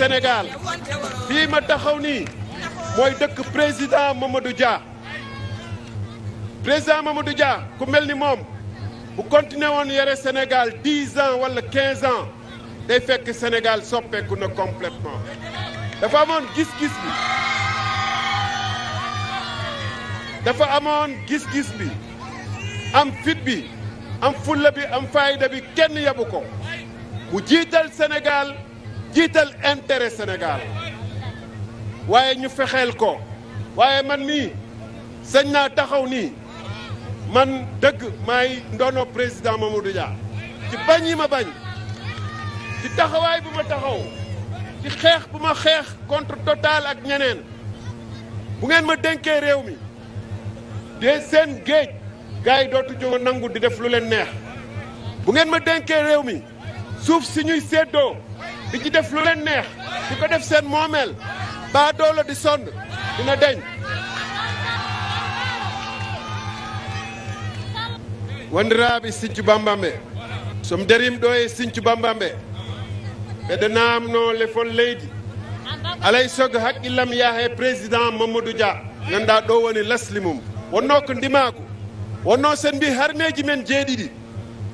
Sénégal fii ma taxaw nii mooy dëkk président Mamadou jaa président Mamadou Dia ku mel ni moom bu continué woon yore Sénégal dix ans wala quinze ans day fekk Sénégal soppeeku na complètement dafa amoon gis-gis dafa amoon gis-gis bi am fit bi am fulla bi am fayda kenn yabu ko mu Sénégal jiital intérêt Sénégal waaye ñu fexeel ko waaye man mii sëñ naa taxaw nii man dëgg maay ndoono président Mamadou Dia ci yi ma bañ ci taxawaay bu ma taxaw ci xeex bu ma xeex contre Total ak ñeneen bu ngeen ma dénkee réew mi de seen géej gars yi dootu jóg nangu di def lu leen neex bu ngeen ma dénkee réew mi suuf si ñuy séddoo di ci def lu leen neex ko def seen moomeel baa doolo di sonn dina deñ wondiraaɓe sinthiou bambamɓe somi darima ɗo e sinthiou bambamɓe ɓeɗo namno le fon leydi alay saago haqqillam yaaha e président mamadou dia ganduɗa woni lasli mum wonno ko ndimako wonno sen mbi harneji men jeeɗiɗi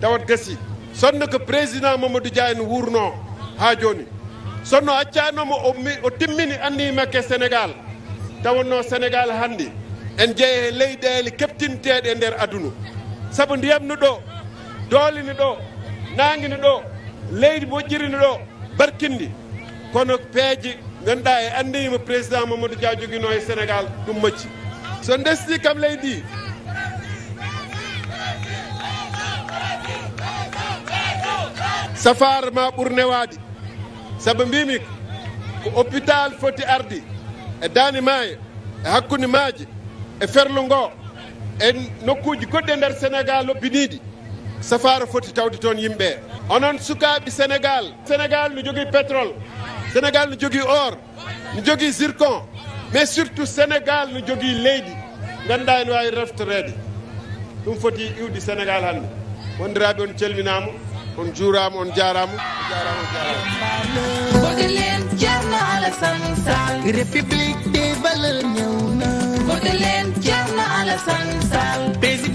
tawat gasi sonno ko président mamadou dia en wuurno ha joni sonno accanomo o timmini annimakke sénégal tawanno sénégal hannde en jeeye he leyɗele keptinteɗe e nder aduna saabu ndiyamno ɗo doolini ɗo nanguini ɗo leydi moƴƴirini ɗo barkindi kono peeje ganduɗa e andima président mamadou dia joguino e sénégal ɗum macci so desdi kam leydi safare ma ɓuur newade saabu mbimi ko hôpital foti ardi e dani e hakkude maaje e ferlo e nokkuji goɗɗi e nder sénégal lobbiniɗi safara foti tawde toon yimɓe onon sukaɓe sénégal sénégal no jogui pétrole sénégal no jogui or no jogui zircon mais surtout sénégal no jogui leydi ganduɗa ene ɗum foti iwde sénégal hande wondiraɓe on calminama on juuraama on jaaraama on jaaraama on jaaraama bëgg leen Thierno Alassane Sall république des valeurs ñëw na bëgg leen Thierno Alassane Sall